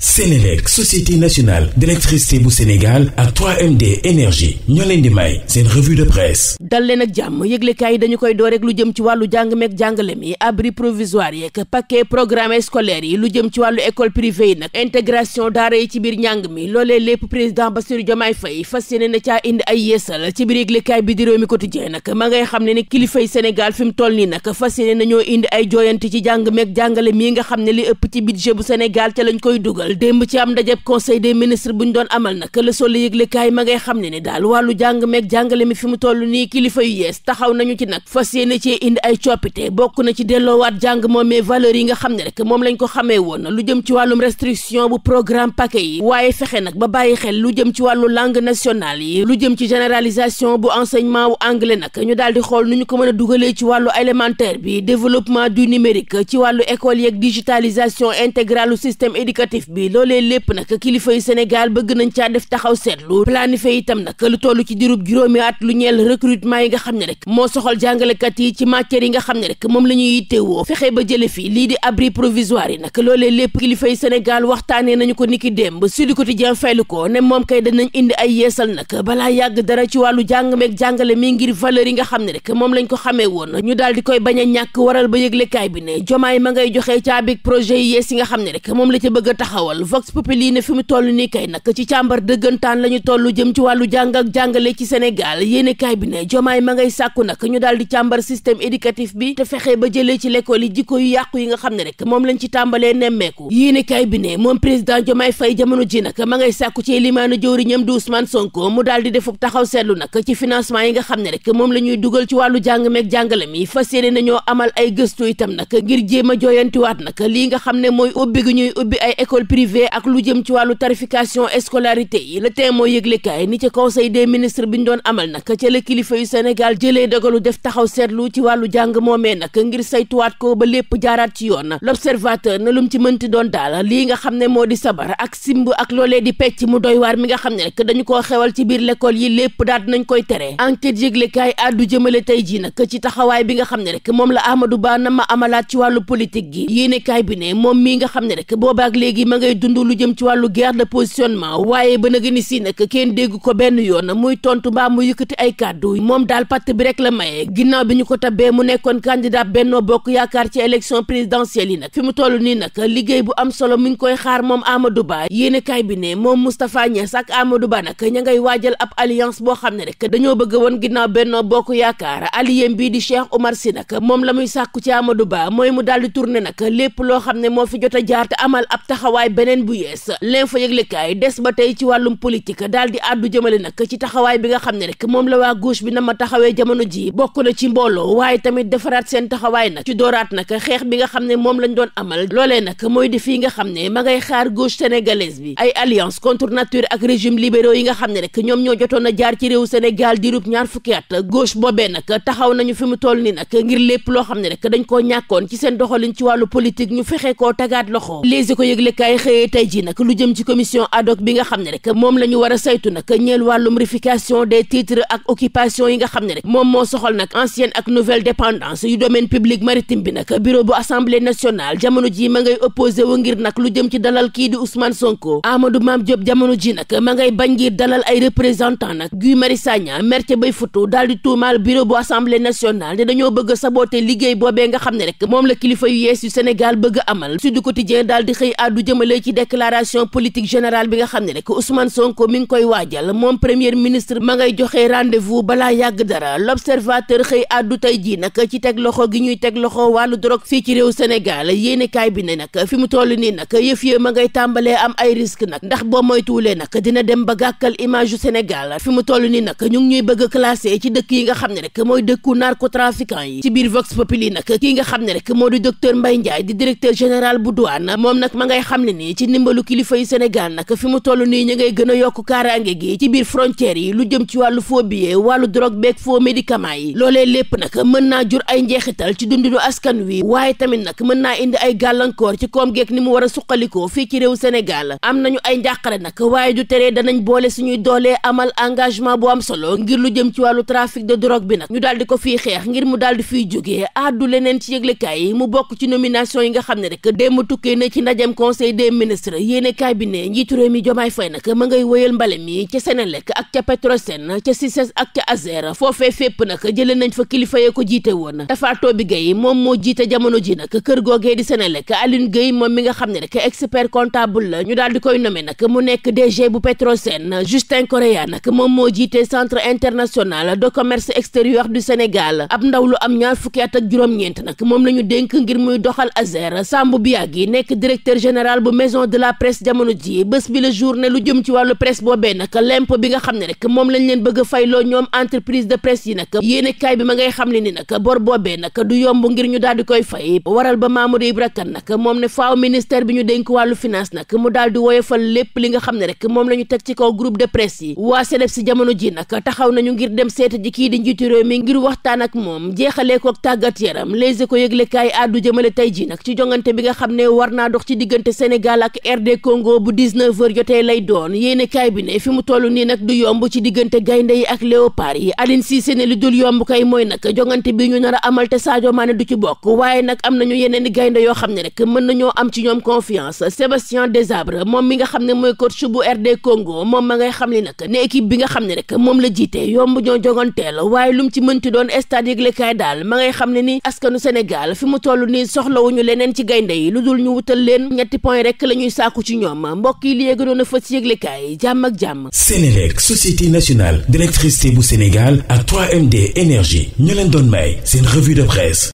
Sénélec société nationale d'électricité bu Sénégal ak 3MD énergie ñoo leen di may seen revue de presse dal leen ak jàmm yëglekaay yi dañu koy door rek lu jëm ci wàllu jàng meeg jàngale mii abri provisoire yeeg paquet programme scolaire yi lu jëm ci wàllu école privée yi nag intégration daara yi ci biir njàng mi loolee lépp président Bassirou Diomaye Faye fas yéene na caa indi ay yeesal ci biir yëglekaay bi di réew mi nag ma ngay xam ne ni kilifay Sénégal fi mu toll nii nag fas yéene na ñoo indi ay jooyante ci jàng jàngale mii nga xam ne li ëpp ci budget bu Sénégal lañ koy dugal amal démb ci am ndajeb conseil des ministres bu ñu doon amal nag le sol yëglekaay ma ngay xam ne ne daal wàllu jàng meeg jàngale mi fi mu toll nii kilifa yu yees taxaw nañu ci nag fas yéene cee indi ay coppite bokk na ci delloowaat jàng moomee valeur yi nga xam ne rek moom lañ ko xamee woon lu jëm ci wàllum restriction bu programme paquet yi waaye fexe nag ba bàyyi xel lu jëm ci wàllu langue nationale yi lu jëm ci généralisation bu enseignement wu anglais nag ñu daal di xool nu ñu ko mën a dugalee ci wàllu élémentaire bi développement du numérique ci wàllu école yeeg digitalisation intégrale du système éducatif bi bi loolee lépp nag kilifa yu Sénégal bëgg nañ caa def taxaw seetlu planifié itam nag lu toll ci dirub juróomi at lu ñeel recrutement yi nga xam ne rek moo soxal yi ci matière yi nga xam ne rek moom la ñuy ba jële lii di abri provisoire yi nag loolee lépp kilifa yu Sénégal waxtaanee nañu ko niki démb Sud Quotidien faylu ko ne moom kay danañ indi ay yeesal nag balaa yàgg dara ci wàllu jàng meeg jàngale mi ngir valeur yi nga xam ne rek moom lañ ko xamee woon ñu daal di koy bañ a ñàkk waral ba yëglekaay bi ne jomaay ma ngay joxe caabi projet yi yees yi nga xam ne rek moom la ca bëgg a taxaw taxawal vox lii ne fi mu toll nii kay nag ci càmbar dëggantaan la ñu toll jëm ci wàllu jàng ak jàngale ci Sénégal yéene kaay bi ne jomaay ma ngay sàkku nag ñu daal di càmbar système éducatif bi fexe ba jëlee ci l'école yi jikko yu yàqu yi nga xam ne rek lañ ci tàmbalee nemmeeku yéene bi ne moom président jomaay fay jamono ji nag ma ngay sàkku ci limaana jëwriñam di Ousmane Sonko mu daal di defub taxaw seetlu nag ci financement yi nga xam ne rek moom la ñuy dugal ci wàllu jàng meeg jàngale mi fas yéene nañoo amal ay gëstu itam nag ngir jéem a jooyantiwaat nag lii nga xam ne mooy ubbi gi ñuy ubbi ay école privé ak lu jëm ci wàllu tarification scolarité yi le temps moo yëglekaay ni ci conseil des ministres bi ñu doon amal nag ca la kilifa yu Sénégal jëlee dogalu def taxaw seetlu ci wàllu jàng moomee nag ngir saytuwaat ko ba lépp jaaraat ci yoon l'observateur na ci mënti doon daal lii nga xam ne moo di sabar ak simb ak loolee di pecc mu doy waar mi nga xam ne rek dañu koo xewal ci biir l'école yi lépp daat nañ koy tere enquête yëglekaay addu bi nga xam ne rek moom la Amadou Ba na ma amalaat ci wàllu politique ngay dund lu jëm ci wàllu guerre de positionnement waaye ko benn yoon muy tontu mbaa mu yëkkati ay kàddu moom daal pàtt bi rek la maye ginnaaw bi ñu ko tabbee mu nekkoon candidat Benno Bokk Yaakaar ci élection présidentielle yi nag fi mu toll nii nag liggéey bu am solo mi ngi koy xaar moom Amadou Ba yéene kaay bi ne moom Moustapha Niass ak Amadou Ba nag ña ngay waajal ab alliance boo xam ne rek dañoo bëgg woon ginnaaw Benno Bokk Yaakaar allié bii di Cheikh Omar Sy nag moom la muy sàkku ci Amadou Ba mooy mu daal di tourné nag lépp loo xam ne moo fi jot a jaar te amal ab taxawaay beneen bu yees l'info yëglekaay des ba tey ci wàllum politique daal di àddu jëmale nag ci taxawaay bi nga xam ne rek moom la waa gauche bi na ma taxawee jamono ji bokk na ci mbooloo waaye tamit defaraat seen taxawaay nag ci dooraat nag xeex bi nga xam ne moom lañ doon amal loolee nag mooy def yi nga xam ne ma ngay xaar gauche sénégalaise bi ay alliance contre nature ak régime libéraux yi nga xam ne rek ñoom ñoo jotoon a jaar ci réew Sénégal di ru ñaar fukki at gauche boobee nag taxaw nañu fi mu toll ni nag ngir lépp loo xam ne rek dañ koo ñàkkoon ci seen doxalin ci wàllu politique ñu fexe koo tagaat loxo xëyee tey ji nag lu jëm ci commission ad hoc bi nga xam ne rek moom la ñu war a saytu nag ñeel wàllum rification des titres ak occupation yi nga xam ne rek moom moo soxal nag ancienne ak nouvelle dépendance yu domaine public maritime bi nag bureau bu assemblée nationale jamono ji ma ngay opposé wu ngir nag lu jëm ci dalal kii di Ousmane Sonko Amadou Mame Diop jamono ji nag ma ngay bañ ngir dalal ay représentant nag Guy Marius Sagna merce bay futu daal di tuumaal bureau bu assemblée nationale ne dañoo bëgg a saboter liggéey boobee nga xam ne rek moom la kilifa yu yees yu Sénégal bëgg amal Sud loolee ci déclaration politique générale bi nga xam ne rek Ousmane Sonko mi ngi koy waajal moom premier ministre ma ngay joxe rendez-vous yàgg dara l'observateur xëy àddu tey jii nag ci teg loxo gi ñuy teg loxo wàllu drogue fii ci réew Sénégal yéenekaay bi ne nag fi mu toll nii nag yëf yee ma ngay tàmbalee am ay risque nag ndax boo moytuwulee nag dina dem ba gàkkal image yu Sénégal fi mu toll nii nag ñu ngi ñuy bëgg classé ci dëkk yi nga xam ne rek mooy dëkku narcotrafiquant yi ci biir Vox Populi nag kii nga xam ne rek moo di docteur Mbaye Ndiaye di directeur général bu douane moom nag ma ngay xam ne nii ci ndimbalu kilifa yu Sénégal nag fi mu toll nii ñu ngay gën a yokk kaaraange gi ci biir frontières yi lu jëm ci wàllu faux billet wàllu drogue beeg faux médicament yi loole lépp nag mën naa jur ay njeexital ci dundinu askan wi waaye tamit nag mën naa indi ay gàllankoor ci koom geek ni mu war a suqalikoo fii ci réew Sénégal am na ñu ay njàqare nag waaye du teree danañ boole suñuy doolee amal engagement bu am solo ngir lu jëm ci wàllu trafic de drogue bi nag ñu daal di ko fiy xeex ngir mu daal di fiy jógee addu leneen ci yëglekaay yi mu bokk ci nomination yi nga xam conseil ministre yéene cabinet njiitu mi Jomaay Fay nag ma ngay wéyal mbale mi ca Senelec ak ca Petrosen ca Sises ak ca Azer foofee fépp nag jëlee nañ fa kilifa ya ko jiite woon Tafa Tobi Gueye moom moo jiite jamono ji nag kër googee di Senelec Aline Gueye moom mi nga xam ne rek expert comptable la ñu daal di koy nommé nag mu nekk DG bu Petrosen Justin Correa nag moom moo jiite centre international de commerce extérieur du Sénégal ab ndaw lu am ñaar fukki at ak juróom-ñeent nag moom la ñu dénk ngir muy doxal Azer Samb maison de la presse jamono ji bés bi la journée lu jëm ci xam ne rek moom lañ leen bëgg a fayloo ñoom entreprise de presse yi nag yéene kaay bi ma ngay xam le ni nag boobee nag du ngir ñu daal di koy fay waral ba Mamadou Ibra Kane nag moom ne faaw ministère bi ñu dénk wàllu finance nag mu daal di woyofal lépp li nga xam ne rek moom la ñu teg ci kaw groupe de presse yi si jamono ji nag taxaw nañu ngir dem seeta ji kii di njiitu mi ngir waxtaan ak moom jeexalee ko ak tàggat yaram les éco yëgle kaay àddu jëmale tey ji nag ci jongante bi nga xam ne war naa dox ci diggante Sénégal Sénégal ak RD Congo bu 19h jotee lay doon yéene kaay bi ne fi mu toll nii nag du yomb ci diggante gaynde yi ak léopard yi alin si ne lu dul yomb kay mooy nag jongante bi ñu nar a amal te Sadio du ci bokk waaye nag nañu yeneen i gaynde yoo xam ne rek mën nañoo am ci ñoom confiance Sébastien Desabre moom mi nga xam ne mooy coach bu RD Congo moom ma ngay xam ne nag ne bi nga xam ne rek moom la jiite yomb ñoo jonganteel waaye lu mu ci mënti doon stade yëgle kaay daal ma ngay xam ne ni askanu Sénégal fi mu toll nii soxlawuñu leneen ci gaynde yi lu dul ñu wutal leen ñetti point rek rek la ñuy sàkku ci ñoom mbokk yi li doon a fës yëglekaay jàmm ak jàmm Sénélec société nationale d'électricité bu Sénégal ak 3MD énergie ñu leen doon may seen revue de presse